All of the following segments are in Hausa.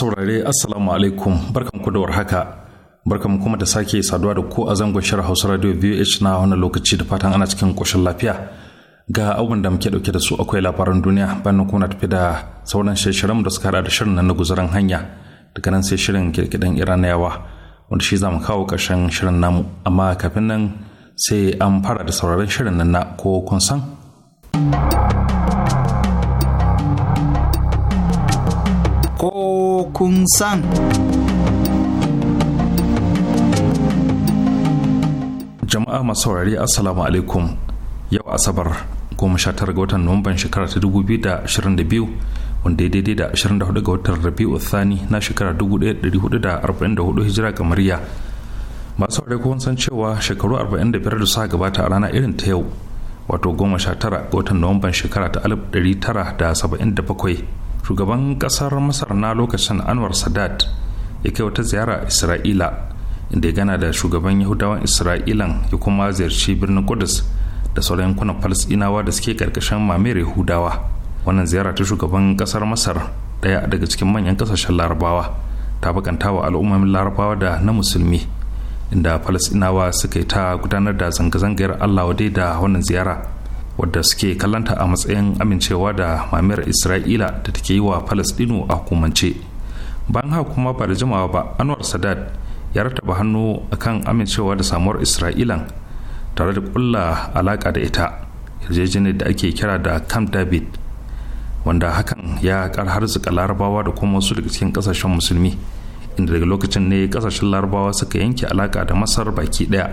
saurare assalamu alaikum barkan ku da warhaka barkamu kuma da sake saduwa da ko a zangon shirin hausa radio vh na wannan lokaci da fatan ana cikin koshin lafiya ga abin da muke dauke da su akwai labaran duniya bayan na tafi da sauran shirin da suka hada da shirin na guzaran hanya daga nan sai shirin kirkidan yawa wanda shi zamu kawo karshen shirin namu amma kafin nan sai an fara da sauraron shirin nan na ko kun san ko kun san jama'a masu saurari assalamu alaikum yau asabar goma sha tara ga watan nuwamban shekara ta dubu biyu da ashirin da biyu wanda ya daidai da ashirin da hudu ga watan rabi'u thani na shekara dubu ɗaya da dari hudu da arba'in da hudu hijira ga kamariya masu saurari kun san cewa shekaru arba'in da biyar da suka gabata a rana irin ta yau wato goma sha tara ga watan nuwamban shekara ta alif dari tara da saba'in da bakwai shugaban kasar masar na lokacin anwar sadat ya kai wata ziyara isra'ila inda ya gana da shugaban yahudawan isra'ilan ya kuma ziyarci birnin kudus da sauran yankunan falasɗinawa da suke karkashin mamayar yahudawa wannan ziyara ta shugaban kasar masar daya daga cikin manyan kasashen larabawa ta bakanta wa al'ummomin larabawa da na musulmi inda falasɗinawa suka yi ta gudanar da zanga-zangar allah wade da wannan ziyara wadda suke kallanta a matsayin amincewa da mamayar isra'ila da take yi wa falasɗinu a hukumance bayan haka kuma ba da jimawa ba anwar sadat ya rattaba hannu a kan amincewa da samuwar isra'ilan tare da kulla alaka da ita yarjejeniyar da ake kira da camp david wanda hakan ya kar harzuka larabawa da kuma wasu daga cikin kasashen musulmi inda daga lokacin ne kasashen larabawa suka yanke alaka da masar baki daya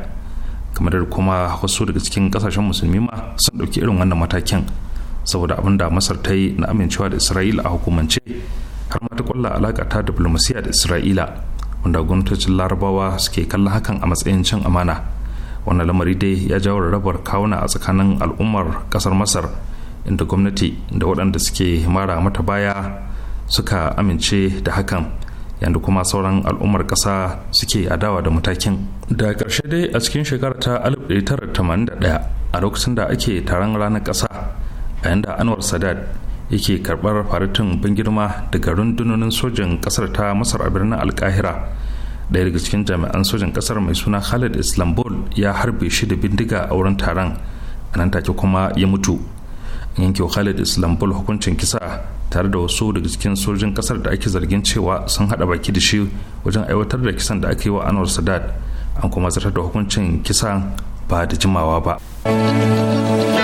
kamar da kuma wasu daga cikin kasashen musulmi ma sun ɗauki irin wannan matakin saboda abin da masar ta yi na amincewa da isra'ila a hukumance har ma ta kulla alaka ta diplomasiya da isra'ila wanda gwamnatocin larabawa suke kallon hakan a matsayin cin amana wannan lamari dai ya jawo rarrabar kawuna a tsakanin al'ummar kasar masar inda gwamnati da waɗanda suke mara mata baya suka amince da hakan yadda kuma sauran al'ummar ƙasa suke adawa da matakin da ƙarshe dai a cikin shekarar ta 1981 a lokacin da ake taron ranar ƙasa a yanda anwar sadat yake karbar faritin bin girma daga rundunonin sojan kasar ta masar a birnin alkahira daya daga cikin jami'an sojan kasar mai suna khalid islambol ya harbe shi da bindiga a wurin taron a nan take kuma ya mutu an yanke khalid islambol hukuncin kisa tare da wasu daga cikin sojin kasar da ake zargin cewa sun hada baki da shi wajen aiwatar da kisan da aka yi wa anwar sadat an kuma zartar da hukuncin kisa ba da jimawa ba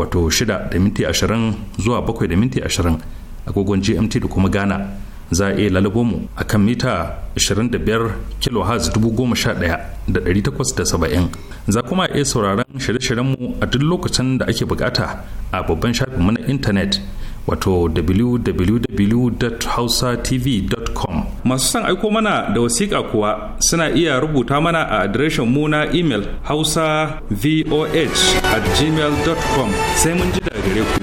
wato 6 da minti 20 zuwa 7 da minti 20 agogon gmt da kuma ghana za a iya lalabo mu a kan mita 25 kHz 11870 za kuma iya sauraron shirye shiryen mu a duk lokacin da ake bukata a babban shafin mu na intanet wato www.hausatv.com masu son aiko mana da wasiƙa kuwa suna iya rubuta mana a adireshin mu na imel hausa voh at gmail.com sai mun ji daga gare ku.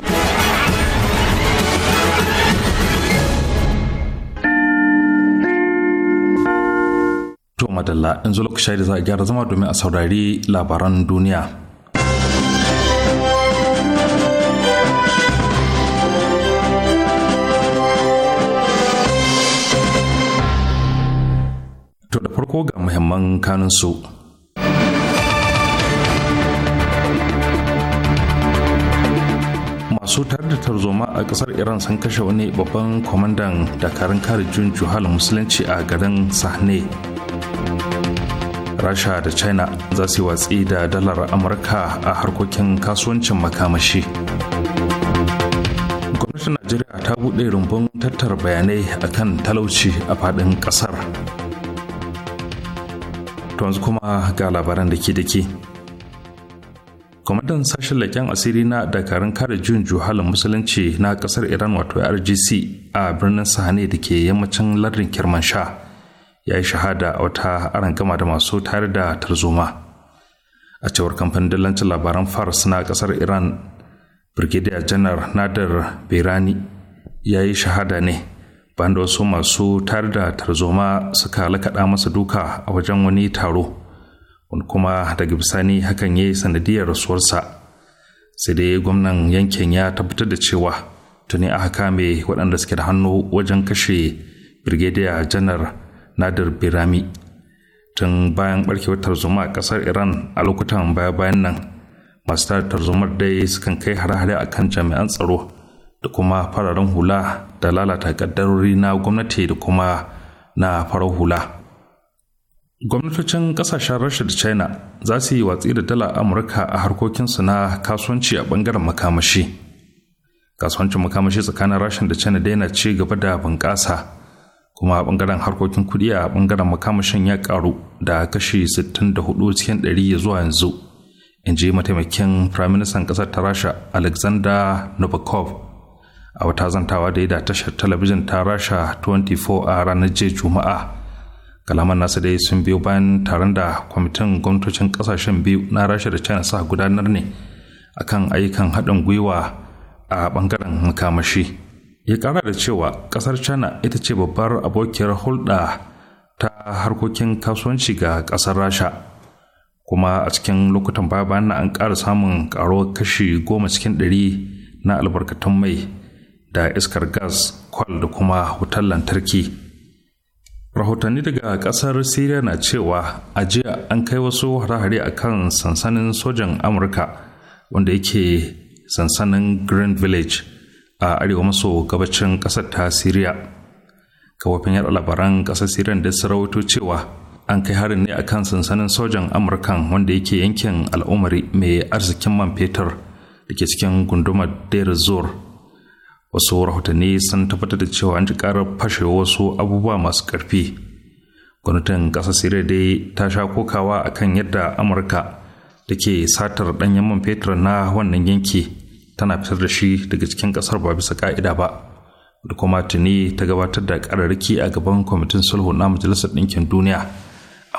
To madalla zo lokaci da za a gyara zama domin a saurari labaran duniya. To da farko ga muhimman kanunsu. masu tare da tarzoma a kasar iran sun kashe wani babban kwamandan dakarun kare jun juhal musulunci a garin sahne rasha da china za su yi watsi da dalar amurka a harkokin kasuwancin makamashi gwamnatin najeriya ta buɗe rumbun tattar bayanai akan talauci a faɗin ƙasar to yanzu kuma ga labaran da ke da ke kwamandan sashen leken asiri na dakarun kare jin juhalin musulunci na ƙasar iran wato rgc a birnin sahane da ke yammacin lardin kirmansha ya yi shahada a wata gama da masu tare da tarzoma a cewar kamfanin dillancin labaran fars na ƙasar iran brigadier janar nadar birani ya yi shahada ne bayan da wasu masu tare da tarzoma suka lakaɗa masa duka a wajen wani taro wani kuma daga bisani hakan ya yi sanadiyar rasuwarsa sai dai gwamnan yankin ya tabbatar da cewa tuni aka kame waɗanda suke da hannu wajen kashe birgediya janar nadir birami tun bayan barkewar tarzoma a ƙasar iran a lokutan baya-bayan nan masu tara tarzomar dai sukan kai hare-hare a kan jami'an tsaro da kuma fararen hula da lalata ƙaddarori na gwamnati da kuma na farar hula. gwamnatocin kasashen rasha da china za su yi watsi da dala amurka a harkokinsu na kasuwanci a bangaren makamashi kasuwancin makamashi tsakanin rasha da china dai na ci gaba da bunƙasa kuma a bangaren harkokin kuɗi a bangaren makamashin ya karu da kashi 64 cikin 100 zuwa yanzu in ji mataimakin firaministan ƙasar ta rasha alexander novakov a wata zantawa da ya da tashar talabijin ta rasha 24 a ranar jiya juma'a kalaman nasa dai sun biyo bayan taron da kwamitin gwamnatocin kasashen biyu na rasha da china sa gudanar ne akan ayyukan haɗin gwiwa a ɓangaren makamashi ya ƙara da cewa ƙasar china ita ce babbar abokiyar hulɗa ta harkokin kasuwanci ga ƙasar rasha kuma a cikin lokutan baya bayan an ƙara samun ƙaruwar kashi goma cikin ɗari na albarkatun mai da iskar gas kwal da kuma wutar lantarki rahotanni daga kasar syria na cewa a jiya an kai wasu hare-hare a kan sansanin sojan amurka wanda yake sansanin grand village a arewa maso gabacin kasar ta syria kawafin yada labaran kasar syria da su cewa an kai harin ne a kan sansanin sojan amurkan wanda yake yankin al'umari mai arzikin man fetur da ke cikin gundumar deir zor wasu rahotanni sun tabbatar da cewa an ji karar fashe wasu abubuwa masu ƙarfi gwamnatin ƙasar siriya dai ta sha kokawa a kan yadda amurka da ke satar ɗanyen man fetur na wannan yanki tana fitar da shi daga cikin ƙasar ba bisa ƙa'ida ba da kuma tuni ta gabatar da ƙararraki a gaban kwamitin sulhu na majalisar ɗinkin duniya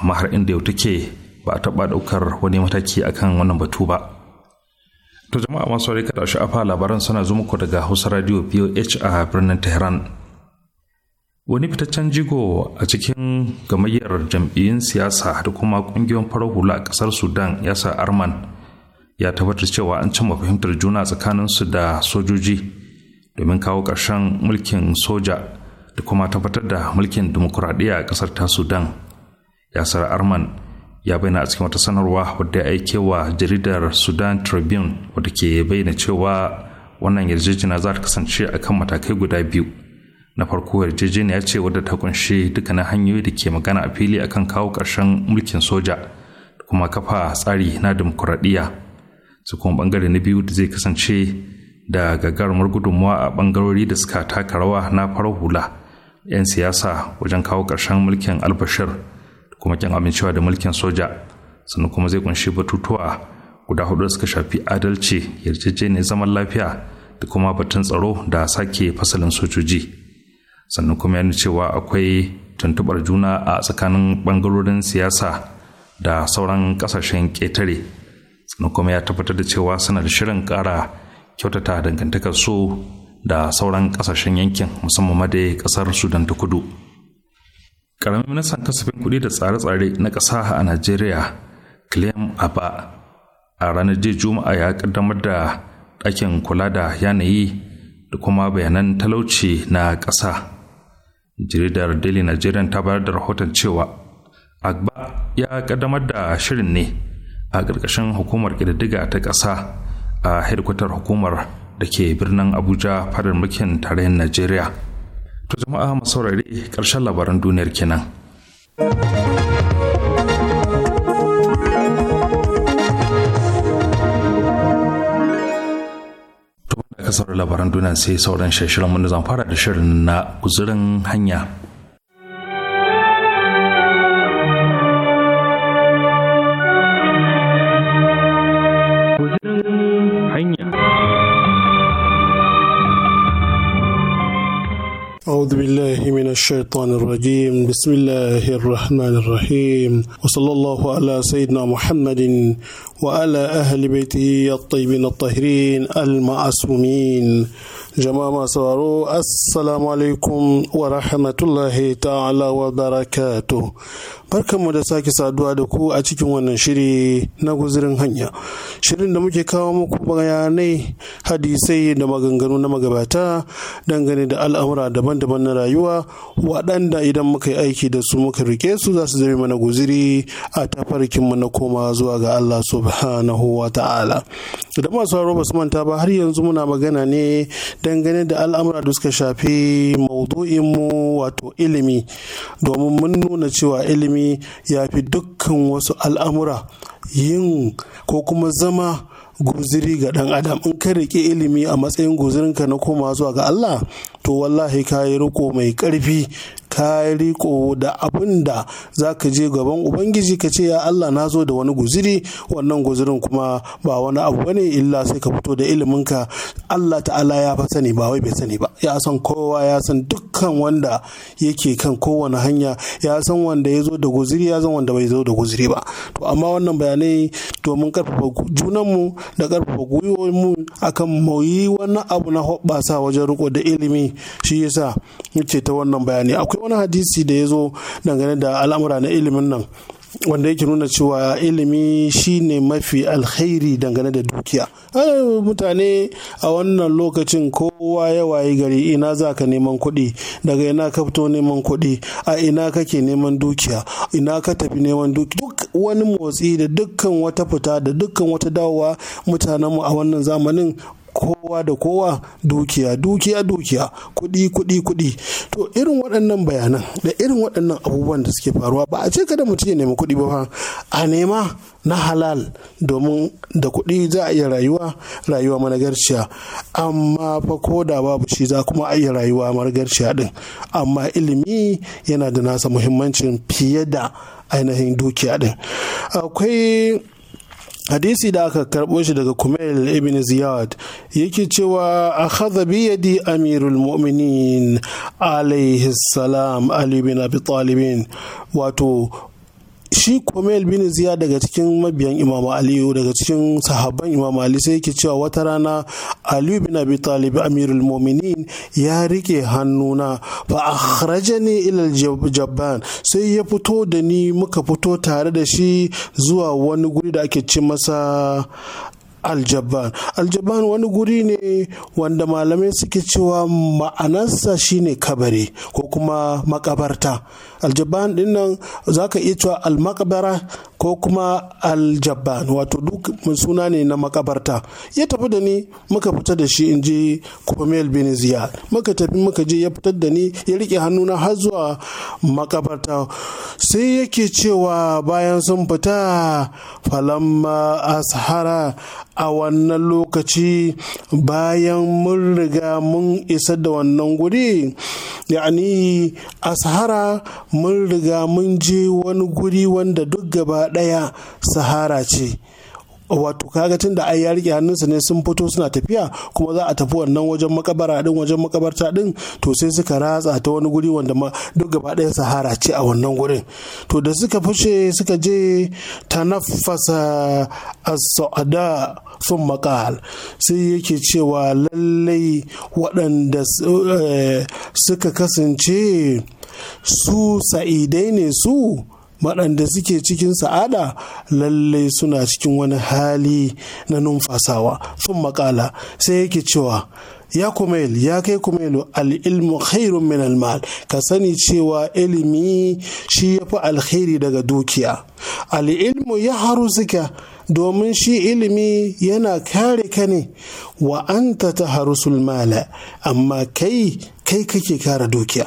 amma har inda yau take ba a taɓa ɗaukar wani mataki akan wannan batu ba. To jama'a masu rika da afa labaran suna zo muku daga Hausa Radio POH a birnin Tehran. Wani fitaccen jigo a cikin gamayyar jam'iyyun siyasa da kuma kungiyoyin farar hula a ƙasar Sudan ya sa Arman ya tabbatar cewa an cimma fahimtar juna tsakanin su da sojoji domin kawo ƙarshen mulkin soja da kuma tabbatar da mulkin dimokuraɗiyya a ƙasar ta Sudan. Yasar Arman ya bayyana a cikin wata sanarwa wadda ya aike wa jaridar sudan tribune wadda ke bayyana cewa wannan yarjejeniya za ta kasance a kan matakai guda biyu na farko yarjejeniya ce wadda ta kunshi dukkanin hanyoyi da ke magana a fili akan kawo karshen mulkin soja da kuma kafa tsari na dimokuraɗiyya su kuma bangare na biyu da zai kasance da gagarumar gudunmawa a bangarori da suka taka rawa na farar hula 'yan siyasa wajen kawo karshen mulkin albashir kuma kin amincewa da mulkin soja sannan kuma zai kunshi batutuwa guda hudu da suka shafi adalci yarjejeniyar zaman lafiya da kuma batun tsaro da sake fasalin sojoji sannan kuma yana cewa akwai tuntubar juna a tsakanin bangarorin siyasa da sauran kasashen ƙetare sannan kuma ya tabbatar da cewa suna da shirin ƙara kyautata dangantakar su da sauran ƙasashen yankin musamman ma da ƙasar sudan ta kudu Ƙaramin ministan kasafin kuɗi da tsare-tsare na ƙasa a Najeriya, Clem Abba, a ranar jiya Juma'a ya ƙaddamar da ɗakin kula da yanayi da kuma bayanan talauci na ƙasa. Jaridar Daily Nigerian ta bayar da rahoton cewa Agba ya ƙaddamar da shirin ne a ƙarƙashin hukumar ƙididdiga ta ƙasa a hedkwatar hukumar da ke birnin Abuja fadar mulkin tarayyar Najeriya. To jama'a masu saurare ƙarshen labaran duniyar kenan. To da aka saurari labaran duniya sai sauran shirin wanda zan fara da shirin na guzurin hanya. الشيطان الرجيم بسم الله الرحمن الرحيم وصلى الله على سيدنا محمد وعلى أهل بيته الطيبين الطاهرين المعصومين جماعة سوارو السلام عليكم ورحمة الله تعالى وبركاته barkanmu da sake saduwa da ku a cikin wannan shiri na guzirin hanya shirin da muke kawo muku bayanai hadisai da maganganu na magabata dangane da al'amura daban-daban na rayuwa waɗanda idan muka yi aiki da su muka rike su za su zama mana guziri a mu na koma zuwa ga allah subhanahu subhanahu wa ta'ala da masu sauraro ba manta ba har yanzu muna magana ne dangane da al'amura da suka shafi mu wato ilimi domin mun nuna cewa ilimi ya fi dukkan wasu al'amura yin ko kuma zama guziri ga ɗan adam in ka rike ilimi a matsayin guzirinka na koma zuwa ga Allah to wallahi ka yi riko mai karfi ka yi riko da abin da za ka je gaban ubangiji ka ce ya allah na zo da wani guziri wannan guzirin kuma ba wani abu bane illa sai ka fito da iliminka allah ta'ala ya fa sani ba wai bai sani ba ya san kowa ya san dukkan wanda yake kan kowane hanya ya san wanda ya zo da guziri ya san wanda bai zo da guziri ba to amma wannan bayanai domin karfafa junanmu da karfafa gwiwoyinmu akan mu yi wani abu na hoɓɓasa wajen riko da ilimi shi yasa yake ta wannan bayani akwai wani hadisi da ya zo dangane da al'amura na ilimin nan wanda yake nuna cewa ilimi shine mafi alkhairi dangane da dukiya mutane a wannan lokacin kowa ya wayi gari ina za ka neman kuɗi daga ina ka fito neman kuɗi a ina kake neman dukiya ina ka tafi neman dukiya duk wani motsi da dukkan wata fita da dukkan wata dawowa mutanenmu a wannan zamanin kowa da kowa dukiya dukiya dukiya kuɗi kuɗi kuɗi to irin waɗannan bayanan da irin waɗannan abubuwan da suke faruwa ba a ce kada mutum ya nemi kuɗi ba fa a nema na halal domin da kuɗi za a iya rayuwa rayuwa managarciya amma fa ko da babu shi za kuma a iya rayuwa managarciya din amma ilimi yana da nasa muhimmancin fiye da ainihin dukiya din akwai hadisi da aka karɓo shi daga kumail ibn ziyad yake cewa a haza biyadi amirul mu'minin alaihi salam ali bin abi talibin wato shi komel bin ziya daga cikin mabiyan imam aliyu daga cikin sahaban imam ali sai yake cewa wata rana aliyu bin abi talib amirul mominin ya rike hannuna fa akhrajani ila jabban sai ya fito da ni muka fito tare da shi zuwa wani guri da ake ci masa aljabban aljabban wani guri ne wanda malamai suke cewa ma'anarsa shine kabari ko ko kuma makabarta aljaban din nan za ka iya cewa almakabara ko kuma aljabban wato duk suna ne na makabarta ya tafi da ni muka fita da shi in je kufamiyar bin muka tafi muka je ya fitar da ni ya rike hannuna har zuwa makabarta sai yake cewa bayan sun fita falamma ashara a wannan lokaci bayan mun riga mun isa da wannan guri ya'ani a sahara mun riga mun je wani guri wanda duk gaba ɗaya sahara ce wato kaga tun da ai ya rike hannunsa ne sun fito suna tafiya kuma za a tafi wannan wajen makabara din wajen makabarta din to sai suka ratsa ta wani guri wanda duk gaba ɗaya sahara ce a wannan gurin to da suka fushe suka je ta as-sa'ada sun makal sai yake cewa lallai waɗanda eh, suka kasance su sa'idai ne su waɗanda suke cikin sa'ada lallai suna cikin wani hali na numfasawa sun makala sai yake cewa ya kumail ya kai kumailu al'ilmu khairun min almal ka sani cewa ilimi shi ya fi alkhairi daga dukiya al'ilmu ya haru suka domin shi ilimi yana kare ka ne wa'anta ta haru sulmala amma kai kai kake kare dukiya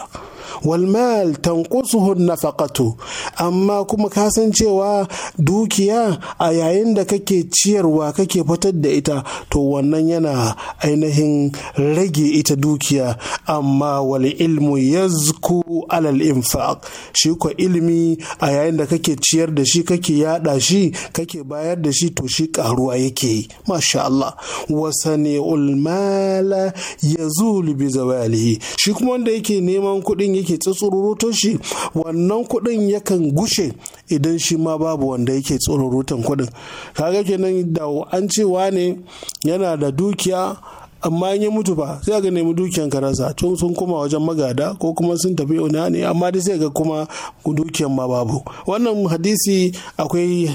walmal tanqusuhu nafaƙatu, amma kuma ka san cewa dukiya a yayin da kake ciyarwa kake fitar da ita to wannan yana ainihin rage ita dukiya amma wal ilmu yazku alal infaq shi ko ilimi a yayin da kake ciyar da shi kake yada shi kake bayar da shi to shi karuwa yake masha Allah wasani ulmala Yazul bi zawalihi shi kuma wanda yake neman kuɗin yake yake tsatsururutun shi wannan kuɗin yakan gushe idan shi ma babu wanda yake tsururutan kuɗin kaga kenan da an cewa ne yana da dukiya amma in ya mutu ba sai ga nemi dukiyan karasa tun sun koma wajen magada ko kuma sun tafi yau ne amma dai sai ga kuma dukiyan ma babu wannan hadisi akwai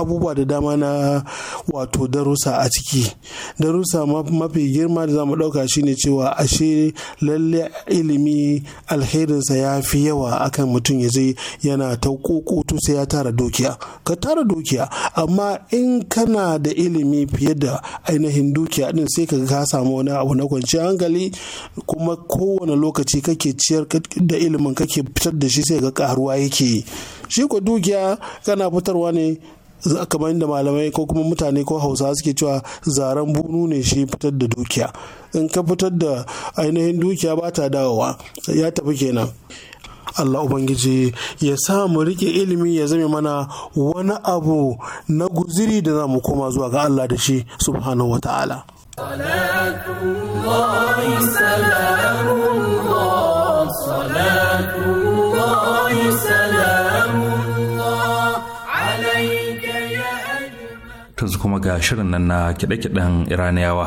abubuwa da dama na wato darussa a ciki darussa mafi girma da zamu ɗauka shine cewa ashe lalle ilimi alherinsa ya fi yawa akan mutum ya je yana ta kokoto sai ya tara dukiya ka tara dukiya amma in kana da ilimi fiye da ainihin dukiya din sai ka ka samu wani abu na kwanciyar hankali kuma kowane lokaci kake ciyar da ilimin kake fitar da shi sai ga karuwa yake shi ko dukiya kana fitarwa ne kamar da malamai ko kuma mutane ko hausa suke cewa zaren bunu ne shi fitar da dukiya in ka fitar da ainihin dukiya ba ta dawowa ya tafi kenan Allah Ubangiji ya sa mu rike ilimi ya zame mana wani abu na guziri da za mu koma zuwa ga Allah da shi subhanahu wa ta'ala. salatu salamu ta kuma ga shirin nan na kiɗe-kiɗen iraniyawa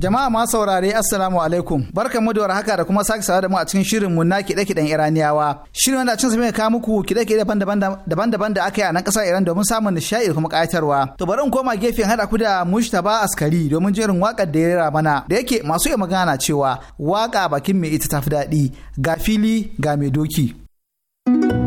Jama'a ma saurare Assalamu alaikum. mu da haka da kuma sake sa da mu a cikin shirin mu na kiɗe-kiɗen Iraniyawa. Shirin wanda cin mai ka muku kiɗe-kiɗe daban-daban da aka yi a nan kasar Iran domin samun nishaɗi da kuma ƙayatarwa. To bari in koma gefen hada ku da Mustafa Askari domin jerin waƙar da ya rera mana da yake masu iya magana cewa waƙa bakin mai ita tafi daɗi ga fili ga mai doki. thank you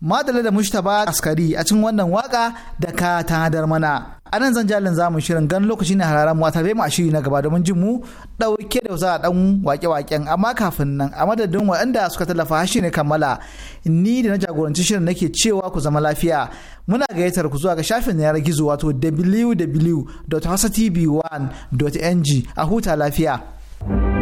madala da ba askari a cikin wannan waka da ka tanadar mana a nan zan jalin zamu shirin gan lokaci na hararen mu ta mu a shiri na gaba domin jin mu dauke da za a dan wake-waken amma kafin nan a madadin waɗanda suka tallafa hashi ne kammala ni da na jagoranci shirin nake cewa ku zama lafiya muna gayyatar ku zuwa ga shafin na yanar gizo wato wwwhasatv 1ng a huta lafiya. you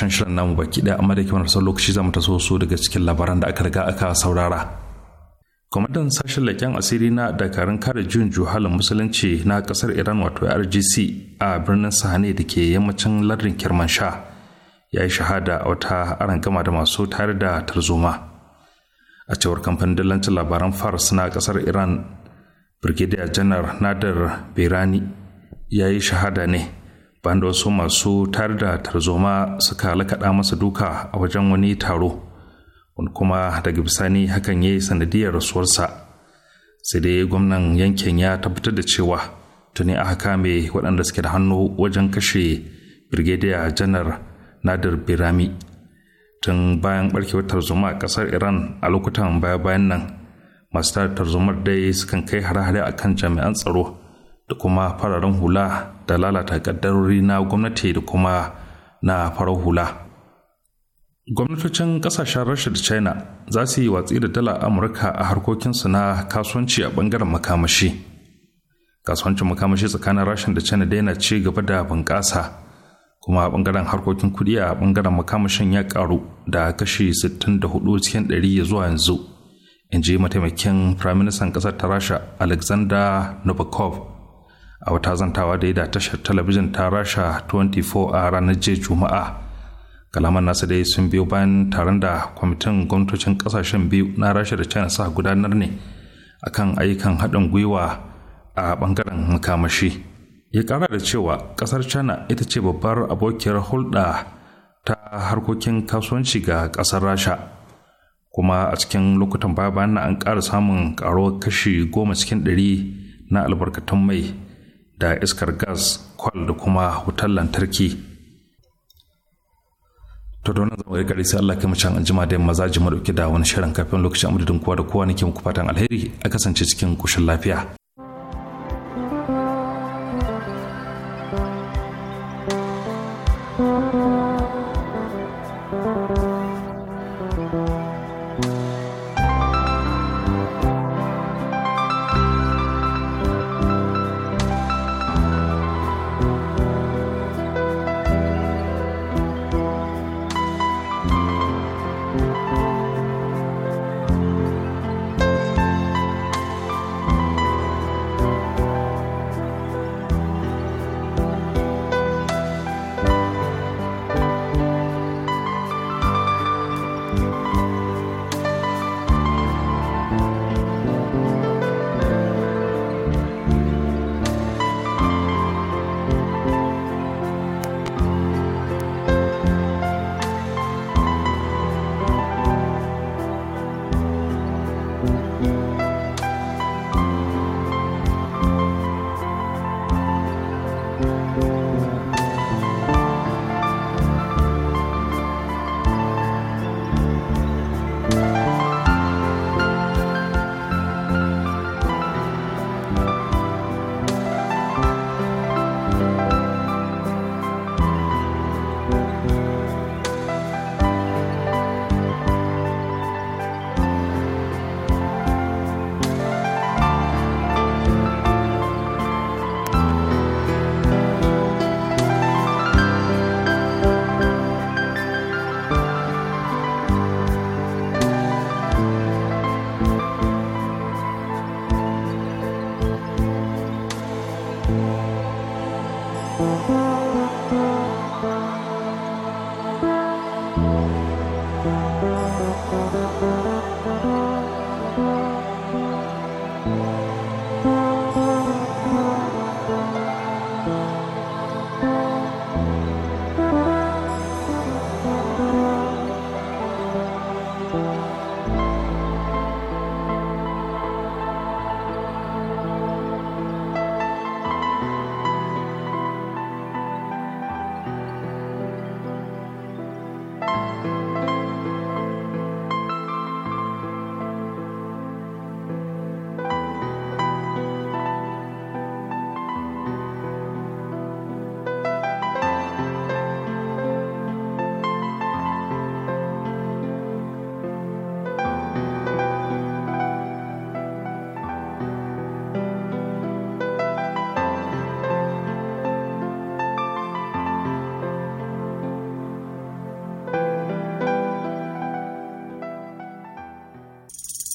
karshen shirin namu baki daya amma da ke marasa lokaci za mu taso su daga cikin labaran da aka riga aka saurara. Kwamandan sashen leƙen asiri na dakarun kare jin juhalin musulunci na ƙasar Iran wato RGC a birnin Sahane da ke yammacin lardin Kirmansha ya yi shahada a wata gama da masu tare da tarzoma. A cewar kamfanin dillancin labaran Fars na ƙasar Iran, Brigadier Janar Nadar Birani ya yi shahada ne Banda da wasu masu tar da tarzoma suka lakaɗa masa duka a wajen wani taro wani kuma daga bisani hakan ya yi sanadiyar rasuwarsa sai dai gwamnan yankin ya tabbatar da cewa tuni aka kame waɗanda suke da hannu wajen kashe birgediya janar nadir birami tun bayan barkewar tarzoma a ƙasar iran a lokutan baya-bayan nan masu tar tarzomar dai sukan kai hare-hare akan jami'an tsaro da kuma fararen hula da lalata kaddarori na gwamnati da kuma na farar hula gwamnatocin ƙasashen rasha da china za su yi watsi da dala amurka a harkokinsu na kasuwanci a ɓangaren makamashi kasuwancin makamashi tsakanin rasha da china yana ci gaba da bunƙasa kuma a bangaren harkokin kuɗi a ɓangaren makamashin ya ƙaru, da kashi 64 cikin 100 zuwa yanzu in ji mataimakin firaministan ƙasar ta rasha alexander novakov a wata zantawa da ya da tashar talabijin ta rasha 24 a ranar jiya juma'a kalaman nasa dai sun biyo bayan taron da kwamitin gwamnatocin kasashen biyu na rasha da china sa gudanar ne akan ayyukan haɗin gwiwa a ɓangaren makamashi ya ƙara da cewa ƙasar china ita ce babbar abokiyar hulɗa ta harkokin kasuwanci ga ƙasar rasha kuma a cikin lokutan baya bayan an ƙara samun ƙaruwar kashi goma cikin ɗari na albarkatun mai da iskar gas kwal da kuma wutar lantarki to don zama ya gari sai Allah kai mucan jima da maza ji mu da wani shirin kafin lokacin amudin kowa da kowa nake muku fatan alheri a kasance cikin kushin lafiya